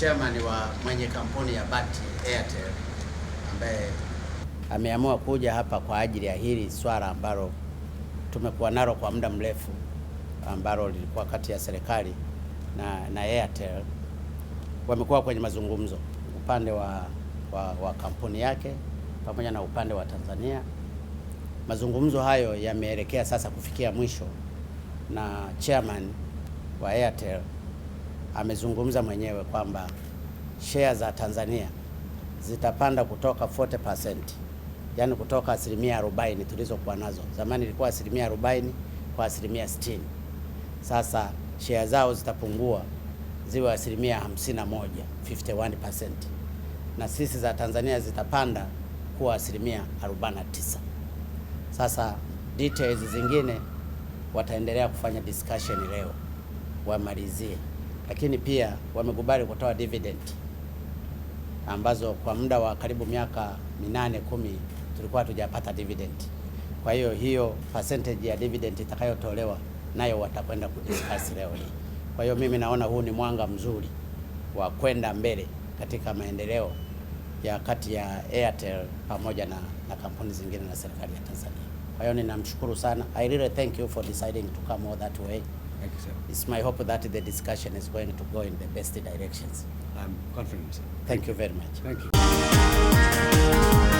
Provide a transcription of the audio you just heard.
chairman wa mwenye kampuni ya Bharti Airtel ambaye ameamua kuja hapa kwa ajili ya hili swala ambalo tumekuwa nalo kwa muda mrefu ambalo lilikuwa kati ya serikali na, na Airtel. Wamekuwa kwenye mazungumzo upande wa, wa, wa kampuni yake pamoja na upande wa Tanzania. Mazungumzo hayo yameelekea sasa kufikia mwisho na chairman wa Airtel amezungumza mwenyewe kwamba share za Tanzania zitapanda kutoka 40%, yani kutoka asilimia 40 tulizokuwa nazo zamani, ilikuwa asilimia 40 kwa asilimia 60. Sasa share zao zitapungua ziwe asilimia 51, 51%, na sisi za Tanzania zitapanda kuwa asilimia 49. Sasa details zingine wataendelea kufanya discussion leo wamalizie lakini pia wamekubali kutoa dividend ambazo kwa muda wa karibu miaka minane kumi tulikuwa hatujapata dividend. Kwa hiyo hiyo percentage ya dividend itakayotolewa nayo watakwenda kudiscuss leo hii. Kwa hiyo mimi naona huu ni mwanga mzuri wa kwenda mbele katika maendeleo ya kati ya Airtel pamoja na, na kampuni zingine na serikali ya Tanzania. Kwa hiyo ninamshukuru sana. I really thank you for deciding to come all that way. Thank you, sir. It's my hope that the discussion is going to go in the best directions. I'm confident, sir. Thank you very much. Thank you.